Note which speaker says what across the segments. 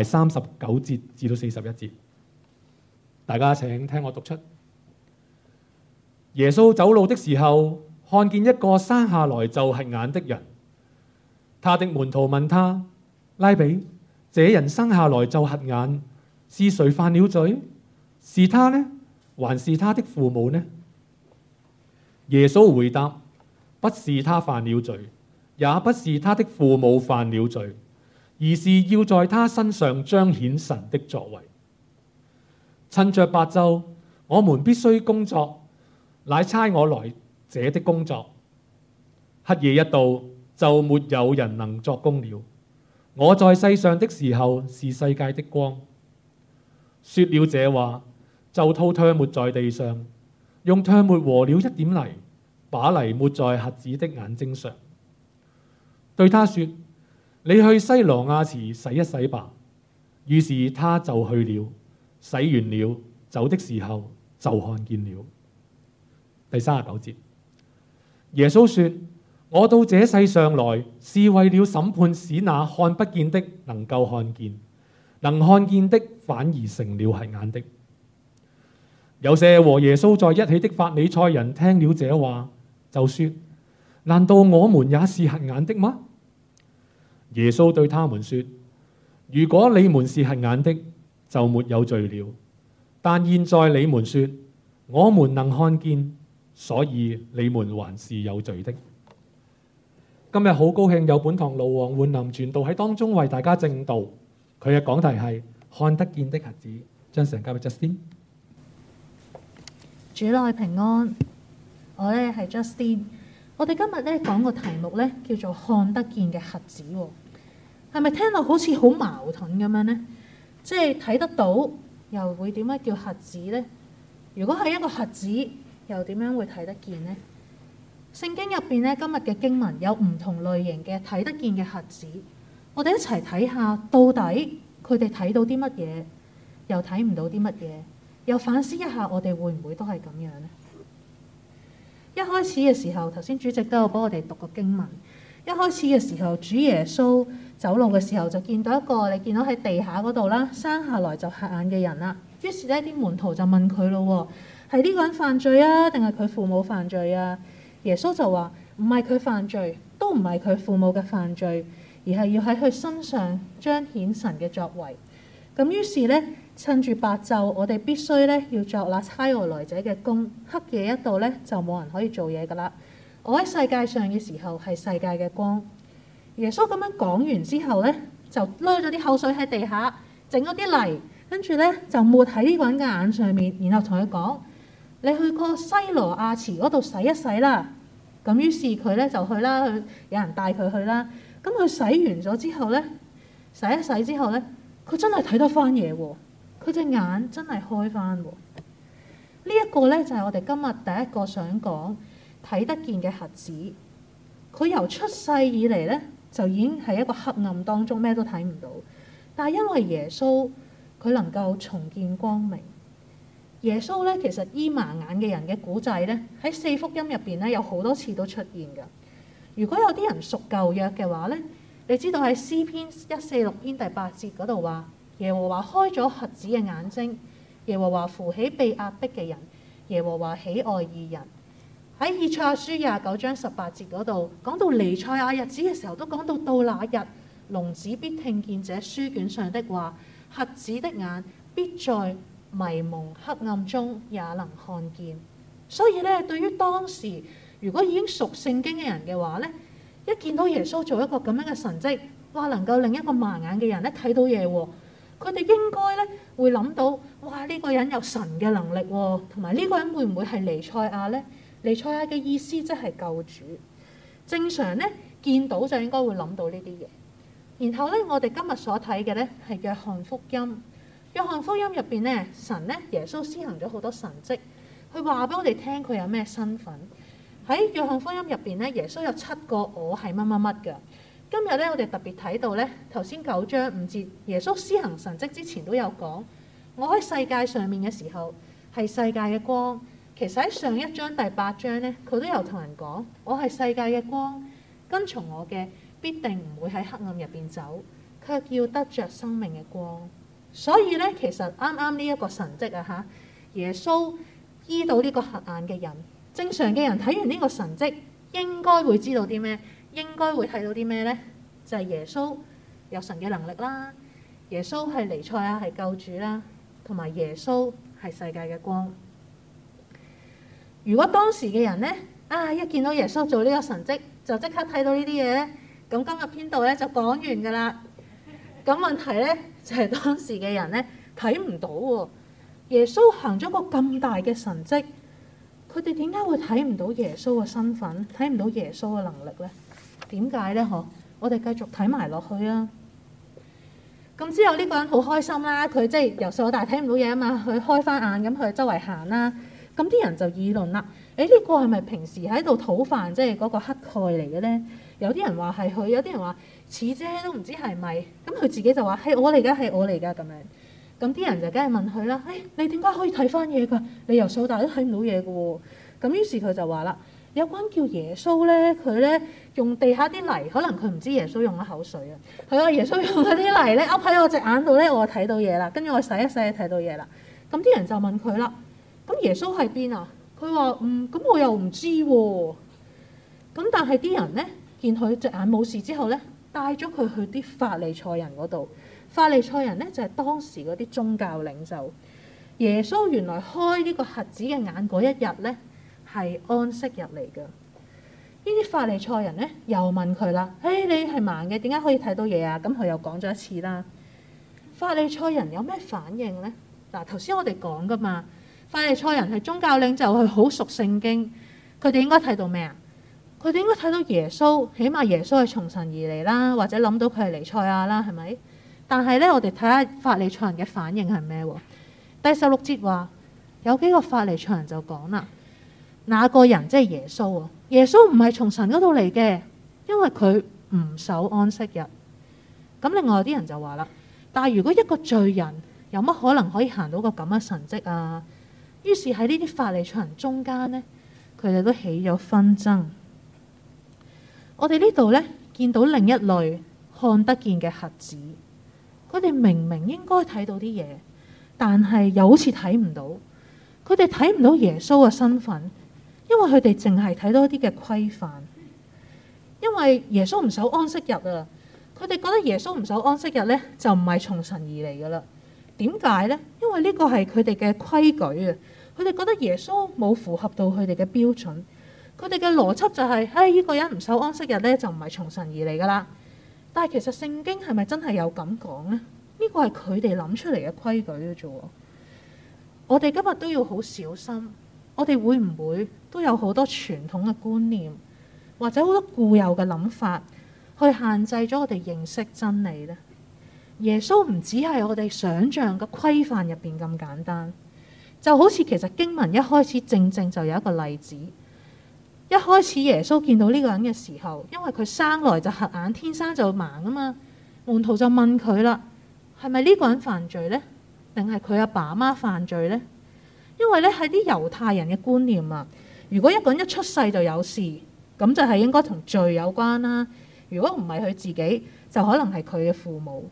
Speaker 1: 係三十九節至到四十一節，大家請聽我讀出。耶穌走路的時候，看見一個生下來就瞎眼的人，他的門徒問他拉比：這人生下來就瞎眼，是誰犯了罪？是他呢，還是他的父母呢？耶穌回答：不是他犯了罪，也不是他的父母犯了罪。而是要在他身上彰顯神的作為。趁着白晝，我們必須工作，乃差我來者的工作。黑夜一到，就沒有人能作工了。我在世上的時候是世界的光。說了這話，就吐唾沫在地上，用唾沫和了一點泥，把泥抹在瞎子的眼睛上，對他說。你去西羅亞池洗一洗吧。於是他就去了，洗完了，走的時候就看見了。第三十九節，耶穌說：我到這世上來是為了審判使那看不見的能夠看見，能看見的反而成了瞎眼的。有些和耶穌在一起的法利賽人聽了這話，就說：難道我們也是瞎眼的嗎？耶穌對他們說：「如果你們是瞎眼的，就沒有罪了。但現在你們說，我們能看見，所以你們還是有罪的。」今日好高興有本堂路王換林傳道喺當中為大家正道。佢嘅講題係看得見的瞎子。將聖經交俾 Justin。
Speaker 2: 主內平安。我咧係 Justin。我哋今日咧講個題目咧叫做看得見嘅瞎子，係咪聽落好似好矛盾咁樣呢？即係睇得到又會點樣叫瞎子呢？如果係一個瞎子，又點樣會睇得見呢？聖經入邊咧，今日嘅經文有唔同類型嘅睇得見嘅瞎子，我哋一齊睇下到底佢哋睇到啲乜嘢，又睇唔到啲乜嘢，又反思一下我哋會唔會都係咁樣呢？一開始嘅時候，頭先主席都有幫我哋讀過經文。一開始嘅時候，主耶穌走路嘅時候就見到一個，你見到喺地下嗰度啦，生下來就黑眼嘅人啦。於是咧，啲門徒就問佢咯，係呢個人犯罪啊，定係佢父母犯罪啊？耶穌就話唔係佢犯罪，都唔係佢父母嘅犯罪，而係要喺佢身上彰顯神嘅作為。咁於是咧。趁住白晝，我哋必須咧要作那差我來者嘅工，黑夜一到咧，就冇人可以做嘢噶啦。我喺世界上嘅時候係世界嘅光。耶穌咁樣講完之後咧，就攞咗啲口水喺地下，整咗啲泥，跟住咧就抹喺呢個人嘅眼上面，然後同佢講：你去個西羅亞池嗰度洗一洗啦。咁於是佢咧就去啦，去有人帶佢去啦。咁佢洗完咗之後咧，洗一洗之後咧，佢真係睇得翻嘢喎。佢隻眼真係開翻喎！呢、這、一個呢，就係、是、我哋今日第一個想講睇得見嘅瞎子。佢由出世以嚟呢，就已經係一個黑暗當中，咩都睇唔到。但係因為耶穌佢能夠重見光明。耶穌呢，其實醫盲眼嘅人嘅古仔呢，喺四福音入邊呢，有好多次都出現噶。如果有啲人熟舊約嘅話呢，你知道喺詩篇一四六篇第八節嗰度話。耶和華開咗瞎子嘅眼睛，耶和華扶起被壓迫嘅人，耶和華喜愛義人。喺以賽亞書廿九章十八節嗰度，講到彌賽亞日子嘅時候，都講到到那日，聾子必聽見這書卷上的話，瞎子的眼必在迷蒙黑暗中也能看見。所以咧，對於當時如果已經熟聖經嘅人嘅話咧，一見到耶穌做一個咁樣嘅神蹟，哇，能夠令一個盲眼嘅人咧睇到嘢喎。佢哋應該咧會諗到，哇！呢個人有神嘅能力，同埋呢個人會唔會係尼賽亞呢？尼賽亞嘅意思即係救主。正常咧見到就應該會諗到呢啲嘢。然後咧，我哋今日所睇嘅咧係約翰福音。約翰福音入邊咧，神咧耶穌施行咗好多神跡，佢話俾我哋聽佢有咩身份。喺約翰福音入邊咧，耶穌有七個我係乜乜乜嘅。今日咧，我哋特別睇到咧，頭先九章五節，耶穌施行神跡之前都有講，我喺世界上面嘅時候係世界嘅光。其實喺上一章第八章咧，佢都有同人講，我係世界嘅光，跟從我嘅必定唔會喺黑暗入邊走，卻要得着生命嘅光。所以咧，其實啱啱呢一個神跡啊，吓耶穌醫到呢個瞎眼嘅人，正常嘅人睇完呢個神跡，應該會知道啲咩？應該會睇到啲咩呢？就係、是、耶穌有神嘅能力啦，耶穌係彌賽亞，係救主啦，同埋耶穌係世界嘅光。如果當時嘅人呢，啊一見到耶穌做呢個神蹟，就即刻睇到呢啲嘢，咁、嗯、今日編度咧就講完㗎喇。咁問題呢，就係、是、當時嘅人呢，睇唔到，耶穌行咗個咁大嘅神蹟，佢哋點解會睇唔到耶穌嘅身份，睇唔到耶穌嘅能力呢？點解咧？嗬，我哋繼續睇埋落去啊！咁之後呢個人好開心啦，佢即係由細到大睇唔到嘢啊嘛，佢開翻眼咁去周圍行啦。咁啲人就議論啦：誒呢個係咪平時喺度討飯，即係嗰個乞丐嚟嘅咧？有啲人話係佢，有啲人話似啫，都唔知係咪。咁佢自己就話：係我嚟噶，係我嚟噶咁樣。咁啲人就梗係問佢啦：誒你點解可以睇翻嘢㗎？你由細到大都睇唔到嘢嘅喎。咁於是佢就話啦。有關叫耶穌咧，佢咧用地下啲泥，可能佢唔知耶穌用咗口水啊。係啊，耶穌用咗啲泥咧，喎喺我隻眼度咧，我就睇到嘢啦。跟住我洗一洗就睇到嘢啦。咁啲人就問佢啦：咁耶穌喺邊啊？佢話：嗯，咁我又唔知喎啊。咁但係啲人咧見佢隻眼冇事之後咧，帶咗佢去啲法利賽人嗰度。法利賽人咧就係當時嗰啲宗教領袖。耶穌原來開呢個瞎子嘅眼嗰一日咧。係安息日嚟噶。呢啲法利賽人咧又問佢啦：誒，你係盲嘅，點解可以睇到嘢啊？咁佢又講咗一次啦。法利賽人有咩反應咧？嗱，頭先我哋講噶嘛，法利賽人係宗教領袖，佢好熟聖經。佢哋應該睇到咩啊？佢哋應該睇到耶穌，起碼耶穌係從神而嚟啦，或者諗到佢係彌賽亞啦，係咪？但係咧，我哋睇下法利賽人嘅反應係咩？第十六節話，有幾個法利賽人就講啦。那個人即係耶穌喎，耶穌唔係從神嗰度嚟嘅，因為佢唔守安息日。咁另外啲人就話啦，但係如果一個罪人有乜可能可以行到個咁嘅神跡啊？於是喺呢啲法利賽中間呢，佢哋都起咗紛爭。我哋呢度呢，見到另一類看得見嘅瞎子，佢哋明明應該睇到啲嘢，但係又好似睇唔到。佢哋睇唔到耶穌嘅身份。因為佢哋淨係睇多啲嘅規範，因為耶穌唔守安息日啊，佢哋覺得耶穌唔守安息日咧就唔係從神而嚟噶啦。點解咧？因為呢個係佢哋嘅規矩啊。佢哋覺得耶穌冇符合到佢哋嘅標準。佢哋嘅邏輯就係：哎，呢個人唔守安息日咧，就唔係從神而嚟噶啦。但係其實聖經係咪真係有咁講咧？呢個係佢哋諗出嚟嘅規矩嘅啫。我哋今日都要好小心，我哋會唔會？都有好多傳統嘅觀念，或者好多固有嘅諗法，去限制咗我哋認識真理咧。耶穌唔只係我哋想象嘅規範入邊咁簡單，就好似其實經文一開始正正就有一個例子。一開始耶穌見到呢個人嘅時候，因為佢生來就瞎眼，天生就盲啊嘛。門徒就問佢啦：係咪呢個人犯罪呢？定係佢阿爸阿媽犯罪呢？因為咧，喺啲猶太人嘅觀念啊。如果一個人一出世就有事，咁就係應該同罪有關啦啊。如果唔係佢自己，就可能係佢嘅父母。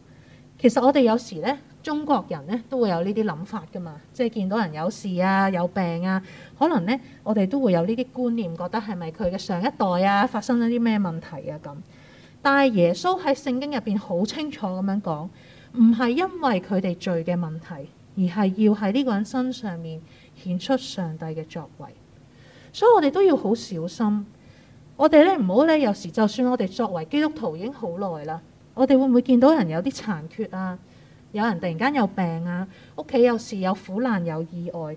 Speaker 2: 其實我哋有時咧，中國人咧都會有呢啲諗法噶嘛，即係見到人有事啊、有病啊，可能咧我哋都會有呢啲觀念，覺得係咪佢嘅上一代啊發生咗啲咩問題啊咁？但係耶穌喺聖經入邊好清楚咁樣講，唔係因為佢哋罪嘅問題，而係要喺呢個人身上面顯出上帝嘅作為。所以我哋都要好小心，我呢，我哋咧唔好咧，有時，就算我哋作為基督徒已經好耐啦，我哋會唔會見到人有啲殘缺啊？有人突然間有病啊，屋企有事、有苦難、有意外，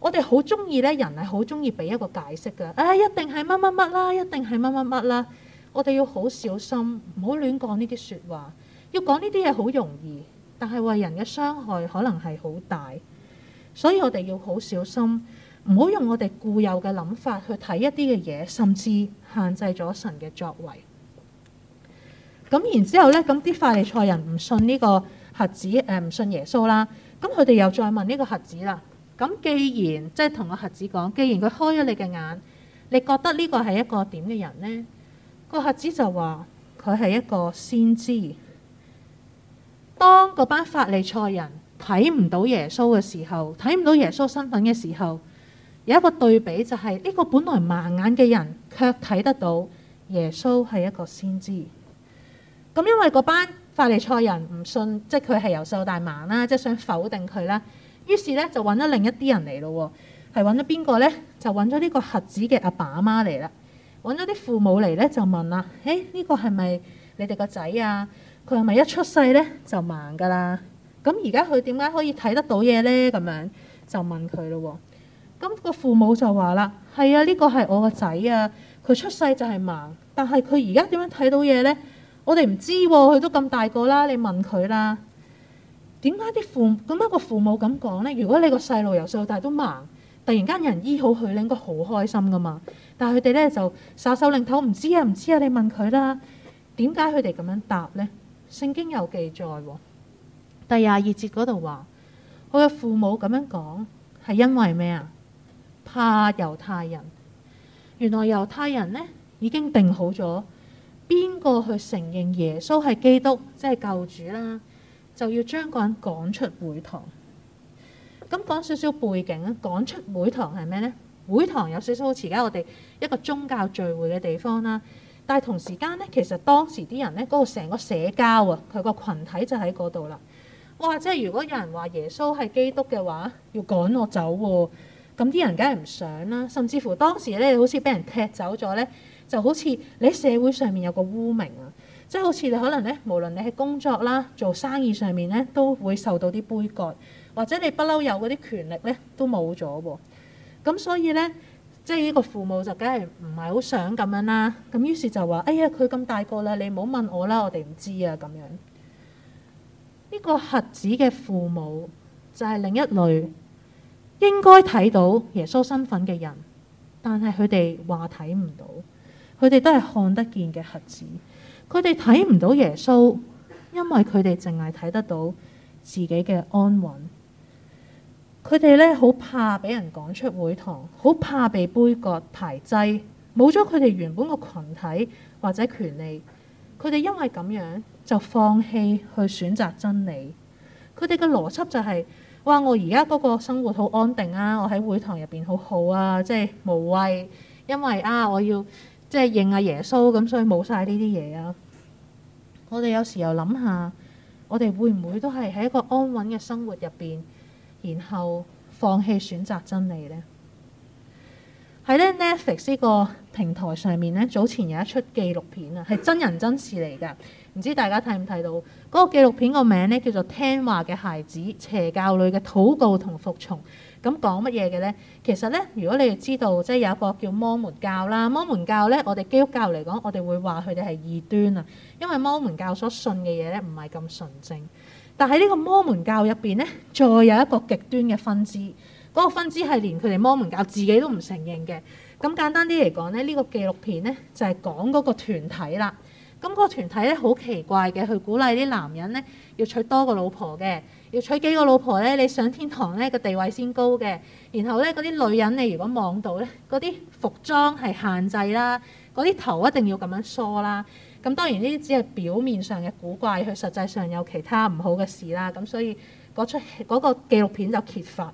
Speaker 2: 我哋好中意咧，人係好中意俾一個解釋噶，唉、哎，一定係乜乜乜啦，一定係乜乜乜啦，我哋要好小心，唔好亂講呢啲説話。要講呢啲嘢好容易，但係為人嘅傷害可能係好大，所以我哋要好小心。唔好用我哋固有嘅諗法去睇一啲嘅嘢，甚至限制咗神嘅作為。咁然之後咧，咁啲法利賽人唔信呢個瞎子，誒、呃、唔信耶穌啦。咁佢哋又再問呢個瞎子啦。咁既然即係同個瞎子講，既然佢開咗你嘅眼，你覺得呢個係一個點嘅人呢？個瞎子就話佢係一個先知。當嗰班法利賽人睇唔到耶穌嘅時候，睇唔到耶穌身份嘅時候。有一個對比就係，呢個本來盲眼嘅人，卻睇得到耶穌係一個先知。咁因為嗰班法利賽人唔信，即係佢係由秀大盲啦，即係想否定佢啦。於是咧就揾咗另一啲人嚟咯，係揾咗邊個咧？就揾咗呢個孩子嘅阿爸阿媽嚟啦，揾咗啲父母嚟咧就問啦，誒呢個係咪你哋個仔啊？佢係咪一出世咧就盲噶啦？咁而家佢點解可以睇得到嘢咧？咁樣就問佢咯。咁個父母就話啦，係啊，呢個係我個仔啊，佢出世就係盲，但係佢而家點樣睇到嘢呢？我哋唔知喎，佢都咁大個啦，你問佢啦。點解啲父咁樣個父母咁講呢？如果你個細路由細到大都盲，突然間有人醫好佢，你應該好開心噶嘛？但係佢哋咧就耍手擰頭，唔知啊，唔知啊，你問佢啦。點解佢哋咁樣答呢？《聖經》有記載喎，第廿二節嗰度話，佢嘅父母咁樣講係因為咩啊？怕猶太人，原來猶太人咧已經定好咗，邊個去承認耶穌係基督，即係救主啦，就要將個人趕出會堂。咁講少少背景咧，趕出會堂係咩咧？會堂有少少好似而家我哋一個宗教聚會嘅地方啦，但係同時間咧，其實當時啲人咧嗰個成個社交啊，佢個群體就喺嗰度啦。哇！即係如果有人話耶穌係基督嘅話，要趕我走喎。咁啲人梗係唔想啦，甚至乎當時咧，好似俾人踢走咗咧，就好似你喺社會上面有個污名啊！即係好似你可能咧，無論你喺工作啦、做生意上面咧，都會受到啲杯葛，或者你不嬲有嗰啲權力咧，都冇咗喎。咁所以咧，即係呢個父母就梗係唔係好想咁樣啦。咁於是就話：哎呀，佢咁大個啦，你唔好問我啦，我哋唔知啊咁樣。呢個核子嘅父母就係另一類。應該睇到耶穌身份嘅人，但係佢哋話睇唔到，佢哋都係看得見嘅核子，佢哋睇唔到耶穌，因為佢哋淨係睇得到自己嘅安穩。佢哋呢好怕俾人趕出會堂，好怕被杯葛排擠，冇咗佢哋原本個群體或者權利，佢哋因為咁樣就放棄去選擇真理。佢哋嘅邏輯就係、是。哇！我而家嗰個生活好安定啊，我喺會堂入邊好好啊，即係無謂，因為啊，我要即係認阿耶穌咁，所以冇晒呢啲嘢啊。我哋有時又諗下，我哋會唔會都係喺一個安穩嘅生活入邊，然後放棄選擇真理呢？喺咧 Netflix 呢個平台上面咧，早前有一出紀錄片啊，係真人真事嚟㗎。唔知大家睇唔睇到嗰個紀錄片個名咧叫做《聽話嘅孩子》，邪教裡嘅禱告同服從。咁講乜嘢嘅咧？其實咧，如果你哋知道，即係有一個叫摩門教啦。摩門教咧，我哋基督教嚟講，我哋會話佢哋係異端啊。因為摩門教所信嘅嘢咧，唔係咁純正。但係呢個摩門教入邊咧，再有一個極端嘅分支，嗰個分支係連佢哋摩門教自己都唔承認嘅。咁簡單啲嚟講咧，呢個紀錄片咧就係講嗰個團體啦。咁個團體咧好奇怪嘅，佢鼓勵啲男人咧要娶多個老婆嘅，要娶幾個老婆咧，你上天堂咧個地位先高嘅。然後咧嗰啲女人，你如果望到咧，嗰啲服裝係限制啦，嗰啲頭一定要咁樣梳啦。咁當然呢啲只係表面上嘅古怪，佢實際上有其他唔好嘅事啦。咁所以嗰出嗰個紀錄、那個、片就揭發。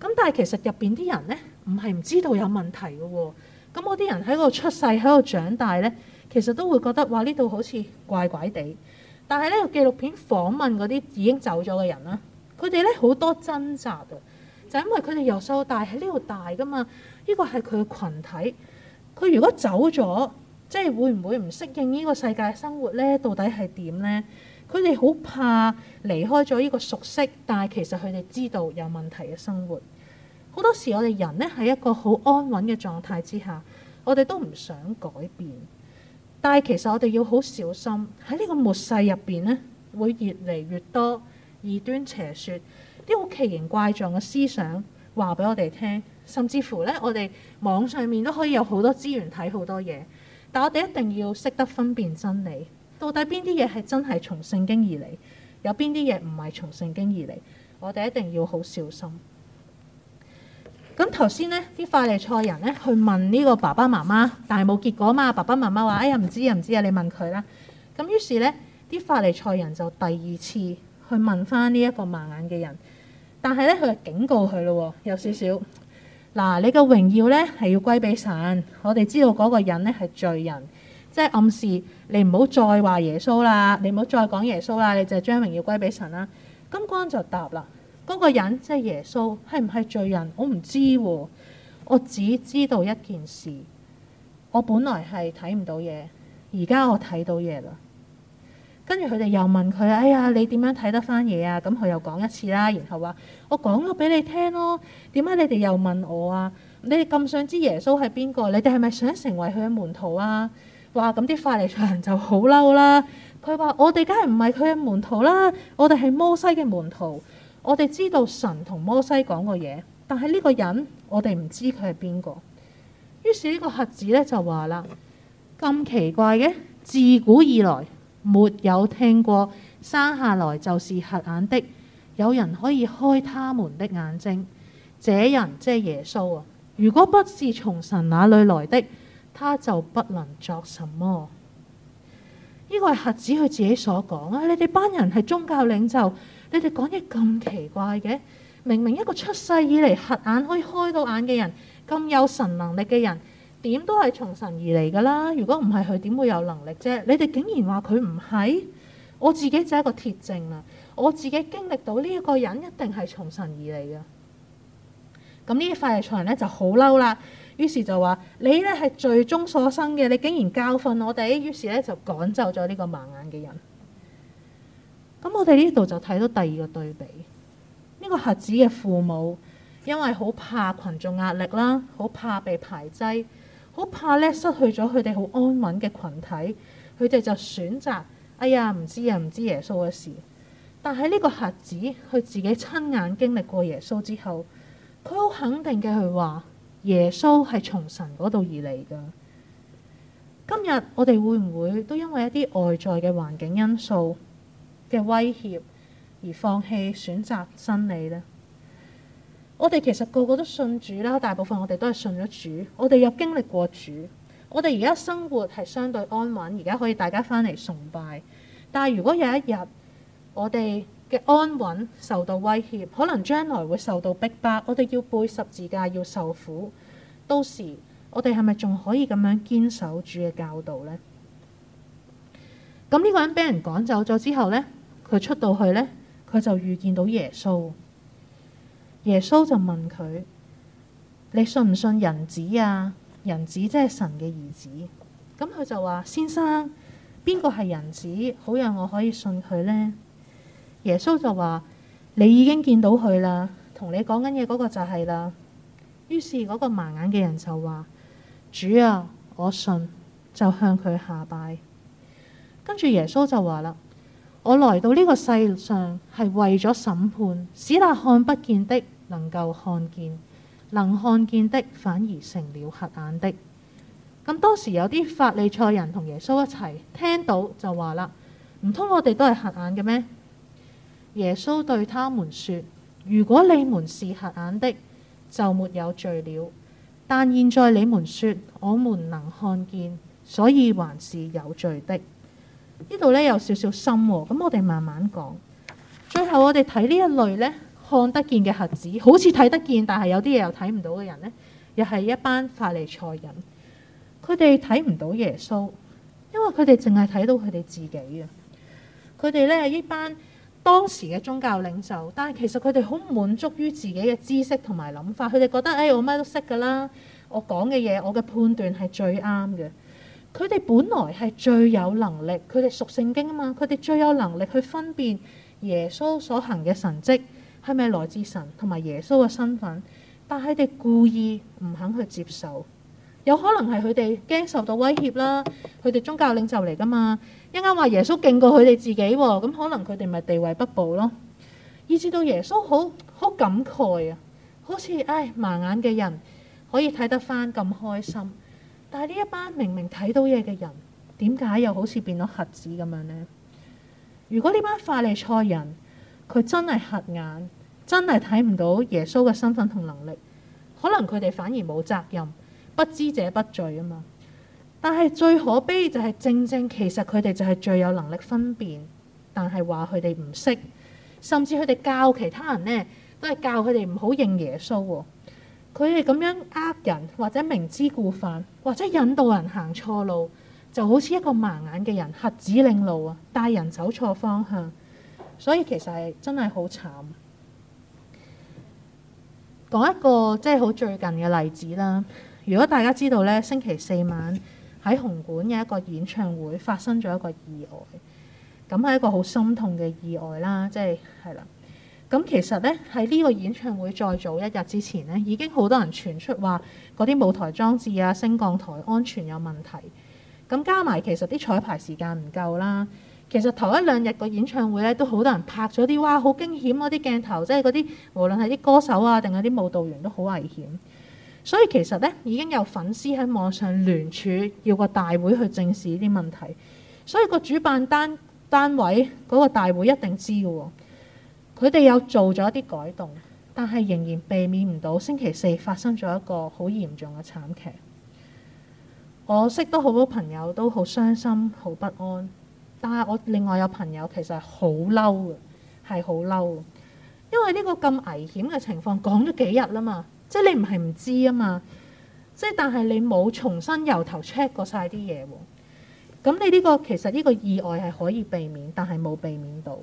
Speaker 2: 咁但係其實入邊啲人咧唔係唔知道有問題嘅喎、哦。咁嗰啲人喺度出世喺度長大咧。其實都會覺得，話呢度好似怪怪地。但係呢個紀錄片訪問嗰啲已經走咗嘅人啦，佢哋咧好多掙扎，就係、因為佢哋由細到大喺呢度大噶嘛。呢、呢個係佢嘅群體。佢如果走咗，即係會唔會唔適應呢個世界生活咧？到底係點咧？佢哋好怕離開咗呢個熟悉，但係其實佢哋知道有問題嘅生活。好多時我，我哋人咧喺一個好安穩嘅狀態之下，我哋都唔想改變。但係，其實我哋要好小心喺呢個末世入邊咧，會越嚟越多異端邪說，啲好奇形怪狀嘅思想話俾我哋聽，甚至乎咧，我哋網上面都可以有好多資源睇好多嘢，但我哋一定要識得分辨真理，到底邊啲嘢係真係從聖經而嚟，有邊啲嘢唔係從聖經而嚟，我哋一定要好小心。咁頭先咧，啲法利賽人咧去問呢個爸爸媽媽，但係冇結果嘛。爸爸媽媽話：哎呀，唔知啊，唔知啊，你問佢啦。咁於是咧，啲法利賽人就第二次去問返呢一個盲眼嘅人，但係咧佢就警告佢咯，有少少嗱，你嘅榮耀咧係要歸俾神。我哋知道嗰個人咧係罪人，即係暗示你唔好再話耶穌啦，你唔好再講耶穌啦，你就係將榮耀歸俾神啦。金剛就答啦。嗰個人即係耶穌，係唔係罪人？我唔知喎、啊，我只知道一件事，我本來係睇唔到嘢，而家我睇到嘢啦。跟住佢哋又問佢，哎呀，你點樣睇得返嘢啊？咁佢又講一次啦，然後話、啊，我講咗俾你聽咯，點解你哋又問我啊？你哋咁想知耶穌係邊個？你哋係咪想成為佢嘅門徒啊？哇，咁啲法利賽人就好嬲啦。佢話：我哋梗係唔係佢嘅門徒啦，我哋係摩西嘅門徒。我哋知道神同摩西講過嘢，但係呢個人我哋唔知佢係邊個。於是呢個瞎子咧就話啦，咁奇怪嘅，自古以來沒有聽過生下來就是瞎眼的，有人可以開他們的眼睛。這人即係耶穌啊！如果不是從神那裏來的，他就不能作什麼。呢、這個係瞎子佢自己所講啊！你哋班人係宗教領袖。你哋講嘢咁奇怪嘅，明明一個出世以嚟瞎眼可以開到眼嘅人，咁有神能力嘅人，點都係從神而嚟㗎啦！如果唔係佢點會有能力啫？你哋竟然話佢唔係，我自己就係一個鐵證啦！我自己經歷到呢一個人一定係從神而嚟嘅。咁、嗯、呢啲法利賽人咧就好嬲啦，於是就話你咧係罪中所生嘅，你竟然教訓我哋，於是咧就趕走咗呢個盲眼嘅人。咁我哋呢度就睇到第二個對比，呢、這個孩子嘅父母因為好怕群眾壓力啦，好怕被排擠，好怕咧失去咗佢哋好安穩嘅群體，佢哋就選擇哎呀唔知啊唔知耶穌嘅事。但喺呢個孩子佢自己親眼經歷過耶穌之後，佢好肯定嘅佢話耶穌係從神嗰度而嚟㗎。今日我哋會唔會都因為一啲外在嘅環境因素？嘅威脅而放棄選擇真理呢？我哋其實個個都信主啦，大部分我哋都係信咗主，我哋又經歷過主，我哋而家生活係相對安穩，而家可以大家翻嚟崇拜。但係如果有一日我哋嘅安穩受到威脅，可能將來會受到逼迫，我哋要背十字架要受苦，到時我哋係咪仲可以咁樣堅守主嘅教導呢？咁呢個人俾人趕走咗之後呢？佢出到去呢，佢就遇見到耶穌。耶穌就問佢：你信唔信人子啊？人子即係神嘅兒子。咁佢就話：先生，邊個係人子？好讓我可以信佢呢。」耶穌就話：你已經見到佢啦，同你講緊嘢嗰個就係啦。於是嗰個盲眼嘅人就話：主啊，我信，就向佢下拜。跟住耶穌就話啦。我來到呢個世上係為咗審判，使那看不見的能夠看見，能看見的反而成了瞎眼的。咁當時有啲法利賽人同耶穌一齊聽到就話啦：唔通我哋都係瞎眼嘅咩？耶穌對他們說：如果你們是瞎眼的，就沒有罪了；但現在你們說我們能看見，所以還是有罪的。呢度咧有少少深喎，咁我哋慢慢講。最後我哋睇呢一類咧看得見嘅瞎子，好似睇得見，但係有啲嘢又睇唔到嘅人咧，又係一班法利賽人。佢哋睇唔到耶穌，因為佢哋淨係睇到佢哋自己嘅。佢哋咧係一班當時嘅宗教領袖，但係其實佢哋好滿足於自己嘅知識同埋諗法，佢哋覺得誒我咩都識㗎啦，我講嘅嘢，我嘅判斷係最啱嘅。佢哋本來係最有能力，佢哋熟聖經啊嘛，佢哋最有能力去分辨耶穌所行嘅神蹟係咪來自神同埋耶穌嘅身份，但係佢哋故意唔肯去接受。有可能係佢哋驚受到威脅啦，佢哋宗教領袖嚟噶嘛，一陣間話耶穌勁過佢哋自己喎，咁可能佢哋咪地位不保咯。以至到耶穌好好感慨啊，好似唉盲眼嘅人可以睇得返咁開心。但係呢一班明明睇到嘢嘅人，點解又好似變咗瞎子咁樣呢？如果呢班法利賽人，佢真係瞎眼，真係睇唔到耶穌嘅身份同能力，可能佢哋反而冇責任，不知者不罪啊嘛。但係最可悲就係、是、正正其實佢哋就係最有能力分辨，但係話佢哋唔識，甚至佢哋教其他人呢，都係教佢哋唔好認耶穌喎、哦。佢哋咁樣呃人，或者明知故犯，或者引導人行錯路，就好似一個盲眼嘅人，瞎指領路啊，帶人走錯方向。所以其實係真係好慘。講一個即係好最近嘅例子啦。如果大家知道咧，星期四晚喺紅館嘅一個演唱會發生咗一個意外，咁係一個好心痛嘅意外啦。即係係啦。咁其實咧，喺呢個演唱會再早一日之前咧，已經好多人傳出話嗰啲舞台裝置啊、升降台安全有問題。咁加埋其實啲彩排時間唔夠啦。其實頭一兩日個演唱會咧，都好多人拍咗啲哇，好驚險咯！啲鏡頭即係嗰啲，無論係啲歌手啊定係啲舞蹈員都好危險。所以其實咧，已經有粉絲喺網上聯署，要個大會去正視呢啲問題。所以個主辦單單位嗰個大會一定知嘅喎。佢哋有做咗一啲改動，但係仍然避免唔到星期四發生咗一個好嚴重嘅慘劇。我識到好多朋友都好傷心、好不安，但係我另外有朋友其實係好嬲嘅，係好嬲嘅，因為呢個咁危險嘅情況講咗幾日啦嘛，即係你唔係唔知啊嘛，即係但係你冇重新由頭 check 過晒啲嘢喎，咁你呢個其實呢個意外係可以避免，但係冇避免到。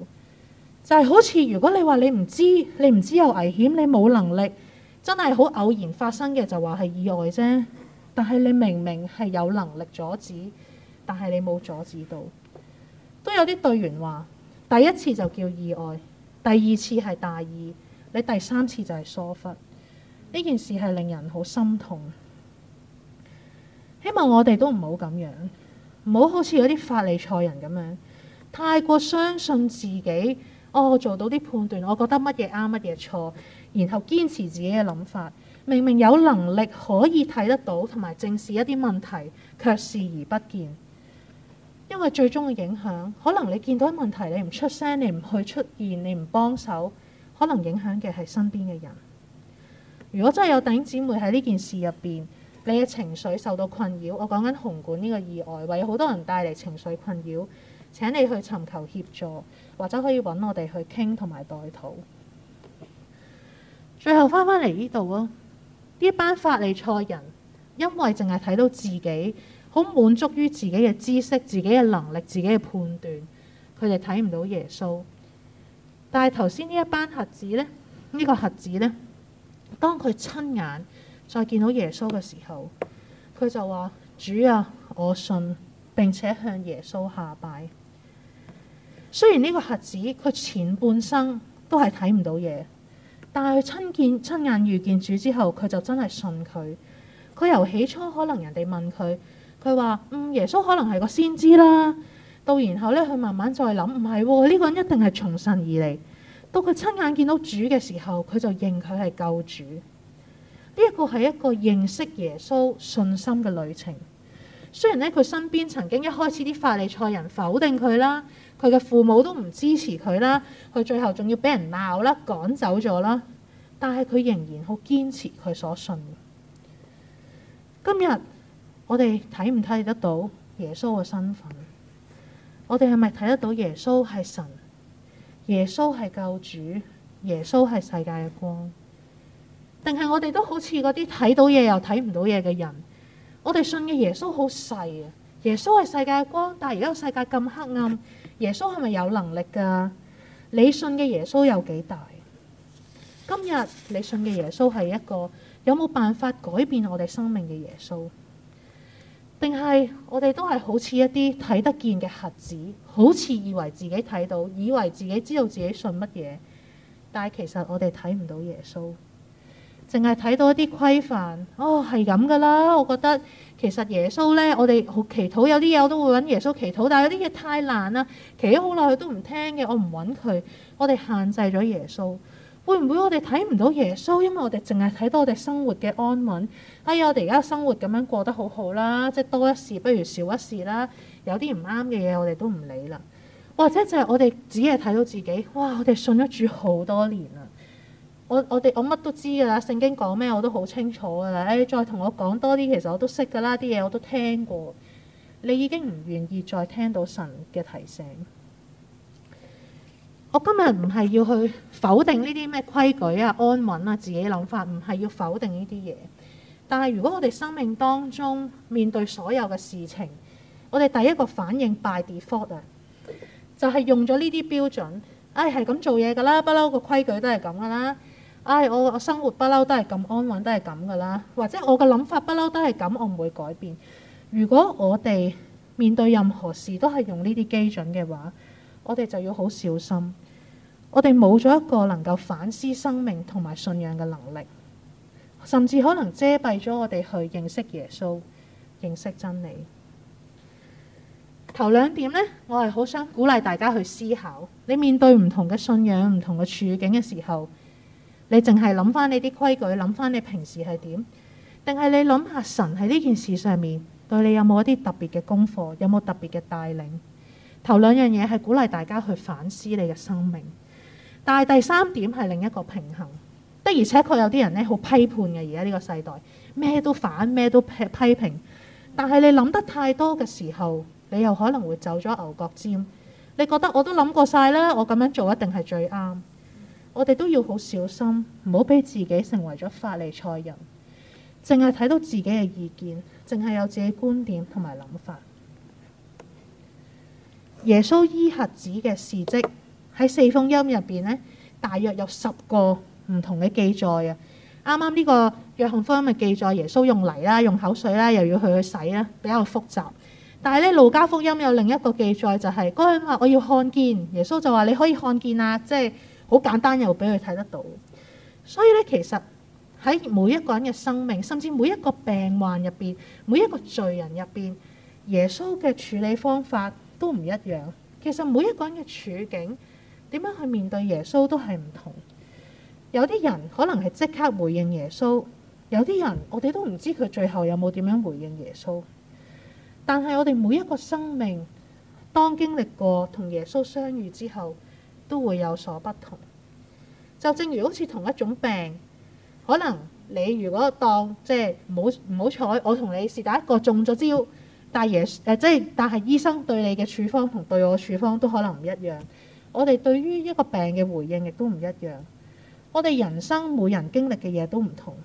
Speaker 2: 就係好似如果你話你唔知，你唔知有危險，你冇能力，真係好偶然發生嘅就話係意外啫。但係你明明係有能力阻止，但係你冇阻止到。都有啲隊員話：第一次就叫意外，第二次係大意，你第三次就係疏忽。呢件事係令人好心痛。希望我哋都唔好咁樣，唔好好似嗰啲法利賽人咁樣，太過相信自己。我、oh, 做到啲判斷，我覺得乜嘢啱乜嘢錯，然後堅持自己嘅諗法。明明有能力可以睇得到同埋正視一啲問題，卻視而不見。因為最終嘅影響，可能你見到問題你，你唔出聲，你唔去出現，你唔幫手，可能影響嘅係身邊嘅人。如果真係有弟兄姊妹喺呢件事入邊，你嘅情緒受到困擾，我講緊紅館呢個意外，為好多人帶嚟情緒困擾。請你去尋求協助，或者可以揾我哋去傾同埋代禱。最後翻返嚟呢度咯，呢一班法利賽人，因為淨係睇到自己，好滿足於自己嘅知識、自己嘅能力、自己嘅判斷，佢哋睇唔到耶穌。但係頭先呢一班瞎子呢，呢、呢個瞎子呢，當佢親眼再見到耶穌嘅時候，佢就話：主啊，我信，並且向耶穌下拜。雖然呢個瞎子佢前半生都係睇唔到嘢，但係佢親見親眼遇見主之後，佢就真係信佢。佢由起初可能人哋問佢，佢話嗯，耶穌可能係個先知啦，到然後咧，佢慢慢再諗，唔係喎，呢個人一定係從神而嚟。到佢親眼見到主嘅時候，佢就認佢係救主。呢一個係一個認識耶穌信心嘅旅程。雖然咧佢身邊曾經一開始啲法利賽人否定佢啦。佢嘅父母都唔支持佢啦，佢最後仲要俾人鬧啦，趕走咗啦。但係佢仍然好堅持佢所信。今日我哋睇唔睇得到耶穌嘅身份？我哋係咪睇得到耶穌係神？耶穌係救主，耶穌係世界嘅光，定係我哋都好似嗰啲睇到嘢又睇唔到嘢嘅人？我哋信嘅耶穌好細啊！耶穌係世界嘅光，但係而家個世界咁黑暗。耶穌係咪有能力噶？你信嘅耶穌有幾大？今日你信嘅耶穌係一個有冇辦法改變我哋生命嘅耶穌？定係我哋都係好似一啲睇得見嘅核子，好似以為自己睇到，以為自己知道自己信乜嘢，但係其實我哋睇唔到耶穌，淨係睇到一啲規範。哦，係咁噶啦，我覺得。其實耶穌咧，我哋好祈禱有啲嘢我都會揾耶穌祈禱，但係有啲嘢太難啦，祈咗好耐佢都唔聽嘅，我唔揾佢。我哋限制咗耶穌，會唔會我哋睇唔到耶穌？因為我哋淨係睇到我哋生活嘅安穩。哎呀，我哋而家生活咁樣過得好好啦，即係多一事不如少一事啦。有啲唔啱嘅嘢我哋都唔理啦。或者就係我哋只係睇到自己。哇！我哋信咗主好多年啦。我我哋我乜都知㗎喇，聖經講咩我都好清楚㗎喇。誒、哎，再同我講多啲，其實我都識㗎喇，啲嘢我都聽過。你已經唔願意再聽到神嘅提醒。我今日唔係要去否定呢啲咩規矩呀、安穩呀、自己諗法，唔係要否定呢啲嘢。但係如果我哋生命當中面對所有嘅事情，我哋第一個反應 by default 呀，就係用咗呢啲標準。誒、哎，係噉做嘢㗎喇，不嬲個規矩都係噉㗎喇。唉、哎，我個生活不嬲都係咁安穩，都係咁噶啦。或者我嘅諗法不嬲都係咁，我唔會改變。如果我哋面對任何事都係用呢啲基準嘅話，我哋就要好小心。我哋冇咗一個能夠反思生命同埋信仰嘅能力，甚至可能遮蔽咗我哋去認識耶穌、認識真理。頭兩點呢，我係好想鼓勵大家去思考。你面對唔同嘅信仰、唔同嘅處境嘅時候，你淨係諗翻你啲規矩，諗翻你平時係點？定係你諗下神喺呢件事上面對你有冇一啲特別嘅功課，有冇特別嘅帶領？頭兩樣嘢係鼓勵大家去反思你嘅生命，但係第三點係另一個平衡。的而且確有啲人咧，好批判嘅。而家呢個世代咩都反，咩都批批評。但係你諗得太多嘅時候，你又可能會走咗牛角尖。你覺得我都諗過晒啦，我咁樣做一定係最啱。我哋都要好小心，唔好俾自己成為咗法利賽人，淨係睇到自己嘅意見，淨係有自己觀點同埋諗法。耶穌醫瞎子嘅事蹟喺四福音入邊呢，大約有十個唔同嘅記載啊！啱啱呢個約翰福音嘅記載，耶穌用泥啦，用口水啦，又要佢去洗啦，比較複雜。但係咧，路加福音有另一個記載，就係嗰一刻我要看見，耶穌就話你可以看見啊，即係。好簡單又俾佢睇得到，所以呢，其實喺每一個人嘅生命，甚至每一個病患入邊，每一個罪人入邊，耶穌嘅處理方法都唔一樣。其實每一個人嘅處境，點樣去面對耶穌都係唔同。有啲人可能係即刻回應耶穌，有啲人我哋都唔知佢最後有冇點樣回應耶穌。但係我哋每一個生命，當經歷過同耶穌相遇之後。都會有所不同，就正如好似同一種病，可能你如果當即係唔好唔好彩，我同你是但一個中咗招，但係耶誒、呃，即係但係醫生對你嘅處方同對我處方都可能唔一樣，我哋對於一個病嘅回應亦都唔一樣，我哋人生每人經歷嘅嘢都唔同，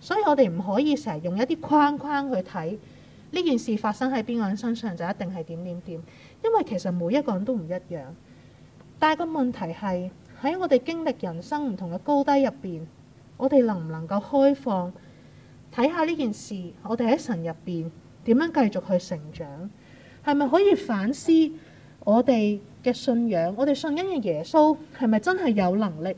Speaker 2: 所以我哋唔可以成日用一啲框框去睇呢件事發生喺邊個人身上就一定係點點點，因為其實每一個人都唔一樣。但係個問題係喺我哋經歷人生唔同嘅高低入邊，我哋能唔能夠開放睇下呢件事？我哋喺神入邊點樣繼續去成長？係咪可以反思我哋嘅信仰？我哋信緊嘅耶穌係咪真係有能力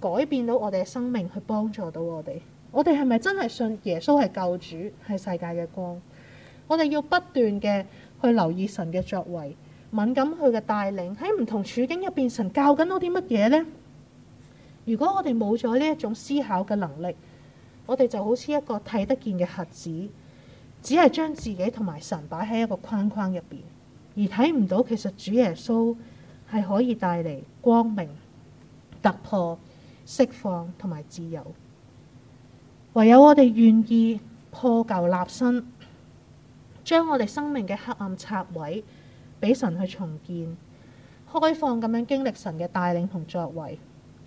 Speaker 2: 改變到我哋嘅生命，去幫助到我哋？我哋係咪真係信耶穌係救主，係世界嘅光？我哋要不斷嘅去留意神嘅作為。敏感佢嘅帶領喺唔同處境入邊，神教緊我啲乜嘢呢？如果我哋冇咗呢一種思考嘅能力，我哋就好似一個睇得見嘅盒子，只係將自己同埋神擺喺一個框框入邊，而睇唔到其實主耶穌係可以帶嚟光明、突破、釋放同埋自由。唯有我哋願意破舊立新，將我哋生命嘅黑暗拆毀。俾神去重建、開放咁樣經歷神嘅帶領同作為，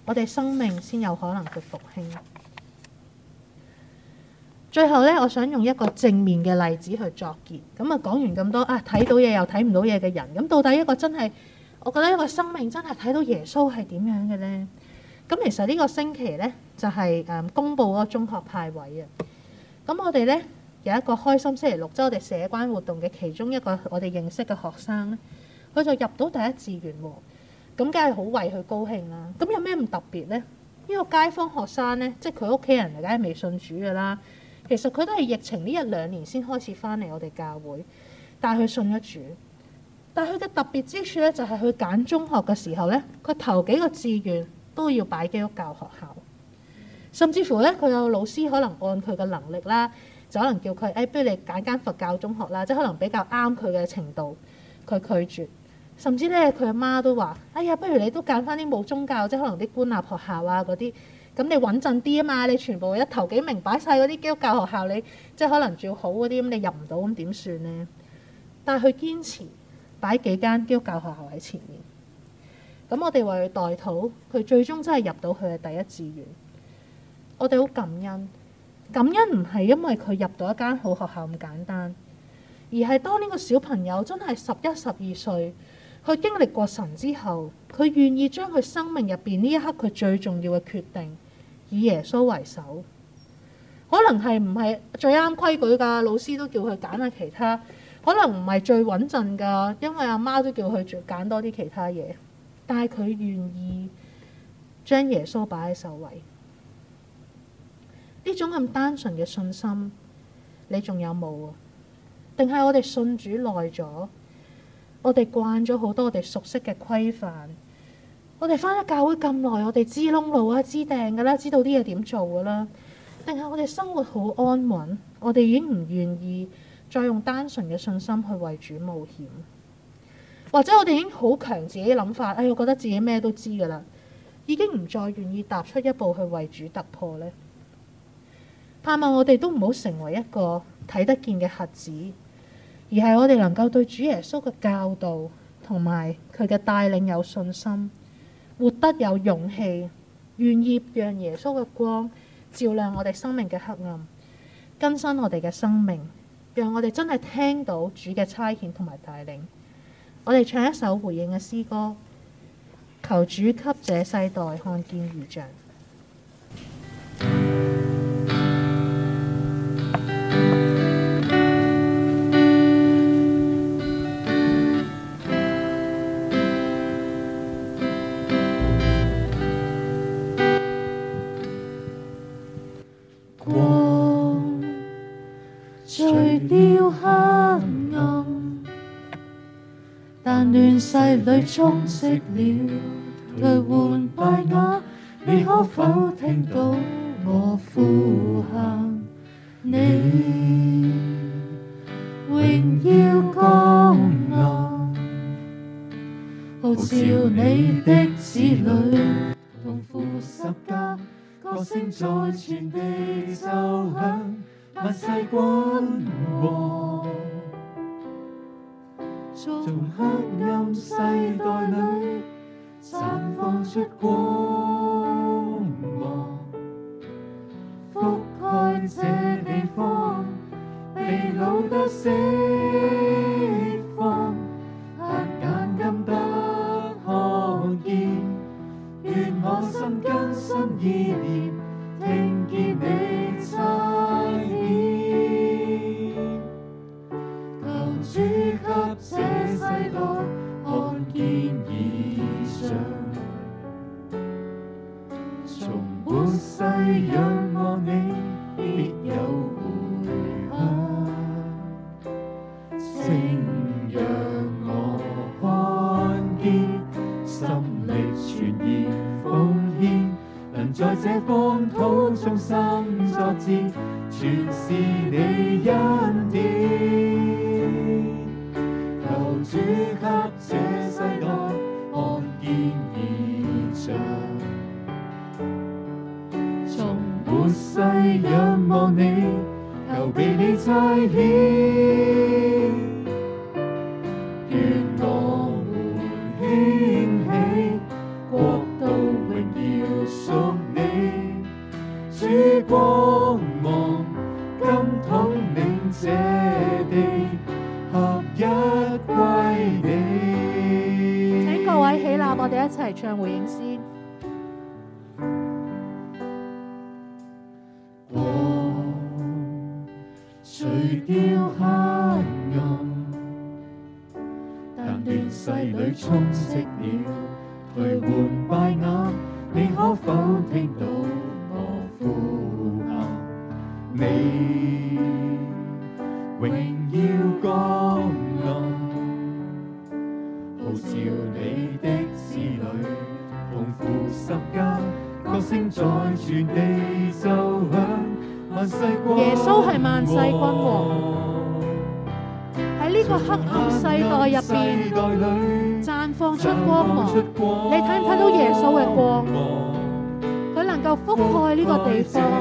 Speaker 2: 我哋生命先有可能去復興。最後咧，我想用一個正面嘅例子去作結。咁啊，講完咁多啊，睇到嘢又睇唔到嘢嘅人，咁到底一個真係，我覺得一個生命真係睇到耶穌係點樣嘅咧？咁其實呢個星期咧，就係誒公布嗰個中學派位啊。咁我哋咧。有一個開心星期六，即係我哋社關活動嘅其中一個我哋認識嘅學生咧，佢就入到第一志願喎、啊，咁梗係好為佢高興啦、啊。咁有咩咁特別咧？呢、這個街坊學生咧，即係佢屋企人，梗係未信主噶啦。其實佢都係疫情呢一兩年先開始翻嚟我哋教會，但係佢信咗主。但係佢嘅特別之處咧，就係佢揀中學嘅時候咧，佢頭幾個志願都要擺基督教學校，甚至乎咧佢有老師可能按佢嘅能力啦。就可能叫佢，誒、哎，不如你揀間佛教中學啦，即係可能比較啱佢嘅程度，佢拒絕。甚至咧，佢阿媽都話：哎呀，不如你都揀翻啲冇宗教，即係可能啲官立學校啊嗰啲，咁你穩陣啲啊嘛，你全部一頭幾名擺晒嗰啲基督教學校，你即係可能仲好嗰啲，咁你入唔到，咁點算咧？但係佢堅持擺幾間基督教學校喺前面。咁我哋為佢代禱，佢最終真係入到佢嘅第一志願。我哋好感恩。感恩唔係因為佢入到一間好學校咁簡單，而係當呢個小朋友真係十一、十二歲，佢經歷過神之後，佢願意將佢生命入邊呢一刻佢最重要嘅決定，以耶穌為首。可能係唔係最啱規矩噶，老師都叫佢揀下其他；可能唔係最穩陣噶，因為阿媽都叫佢揀多啲其他嘢。但係佢願意將耶穌擺喺首位。呢種咁單純嘅信心，你仲有冇啊？定係我哋信主耐咗，我哋慣咗好多我哋熟悉嘅規範，我哋翻咗教會咁耐，我哋知窿路啊、知掟噶啦，知道啲嘢點做噶啦。定係我哋生活好安穩，我哋已經唔願意再用單純嘅信心去為主冒險，或者我哋已經好強自己嘅諗法，哎，我覺得自己咩都知噶啦，已經唔再願意踏出一步去為主突破咧。盼望我哋都唔好成為一個睇得見嘅盒子，而係我哋能夠對主耶穌嘅教導同埋佢嘅帶領有信心，活得有勇氣，願意讓耶穌嘅光照亮我哋生命嘅黑暗，更新我哋嘅生命，讓我哋真係聽到主嘅差遣同埋帶領。我哋唱一首回應嘅詩歌，求主給這世代看見異象。但亂世裏，充斥了頹垣敗瓦，你可否聽到我呼喊？你
Speaker 3: 榮耀降臨，
Speaker 2: 啊，號召你的子女
Speaker 3: 同負十架，歌聲再傳遞奏響萬世君王。從黑暗世代裏散發出光芒、哦，覆蓋這地方被擄得釋放，一眼禁得看見，願我心更新意念，聽見你聲讓我看見心力全然奉獻，能在這方土中心作戰，全是你一。你的子女，同十家，各地奏響耶穌係萬世君王，
Speaker 2: 喺呢個黑暗世代入邊綻放出光芒。你睇唔睇到耶穌嘅光芒？佢能夠覆蓋呢個地
Speaker 3: 方，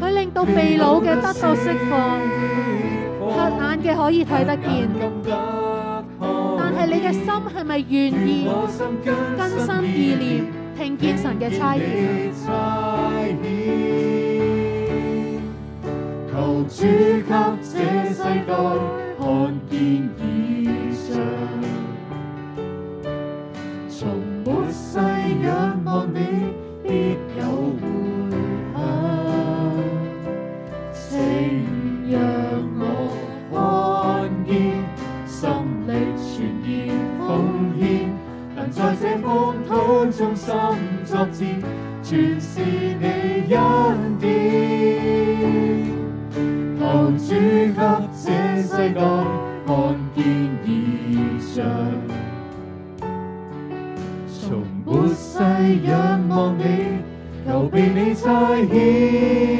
Speaker 3: 佢令到被擄嘅得到釋放。
Speaker 2: 瞎眼嘅可以睇得見，眼眼得見，但係你嘅心係咪願意更新意念，聽見神嘅差遣？差
Speaker 3: 求主給這世代看見異象，從末世仰望你。方土中心作戰，全是你恩典。求主給這世代看見異象，從末世仰望你，求被你差遣。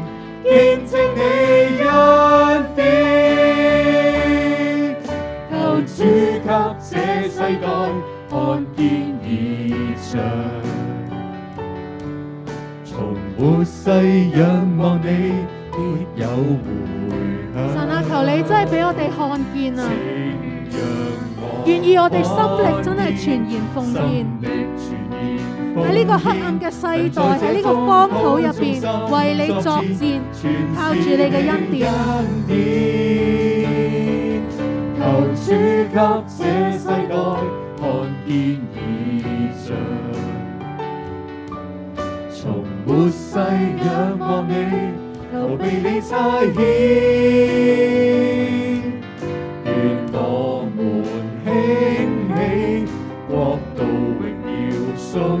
Speaker 3: 見證你一點，求主給這世代看見異象。從活世仰望你，必有回響。神啊，求
Speaker 2: 你真係俾我哋看見啊！
Speaker 3: 見
Speaker 2: 願意我哋心力真係全然奉獻。喺呢個黑暗嘅世代，喺呢個荒土入邊，為你作戰，靠住你嘅恩，恩
Speaker 3: 典。求主給這世代看見異象，從末世仰望你，求被你差遣，
Speaker 1: 願我們
Speaker 3: 興起，國度榮耀。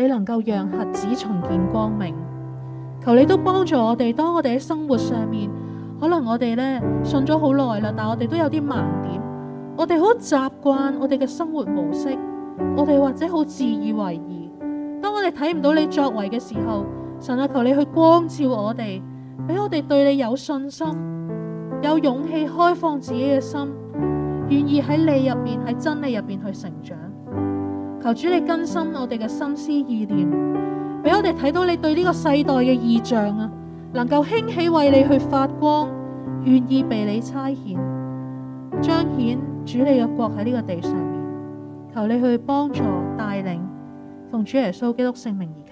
Speaker 2: 你能夠讓瞎子重見光明，求你都幫助我哋。當我哋喺生活上面，可能我哋咧信咗好耐啦，但我哋都有啲盲點，我哋好習慣我哋嘅生活模式，我哋或者好自以為意。當我哋睇唔到你作為嘅時候，神啊，求你去光照我哋，俾我哋對你有信心，有勇氣開放自己嘅心，願意喺你入邊，喺真理入邊去成長。求主你更新我哋嘅心思意念，俾我哋睇到你對呢個世代嘅異象啊，能夠興起為你去發光，願意被你差遣，彰顯主你嘅國喺呢個地上面。求你去幫助帶領，奉主耶穌基督聖名而。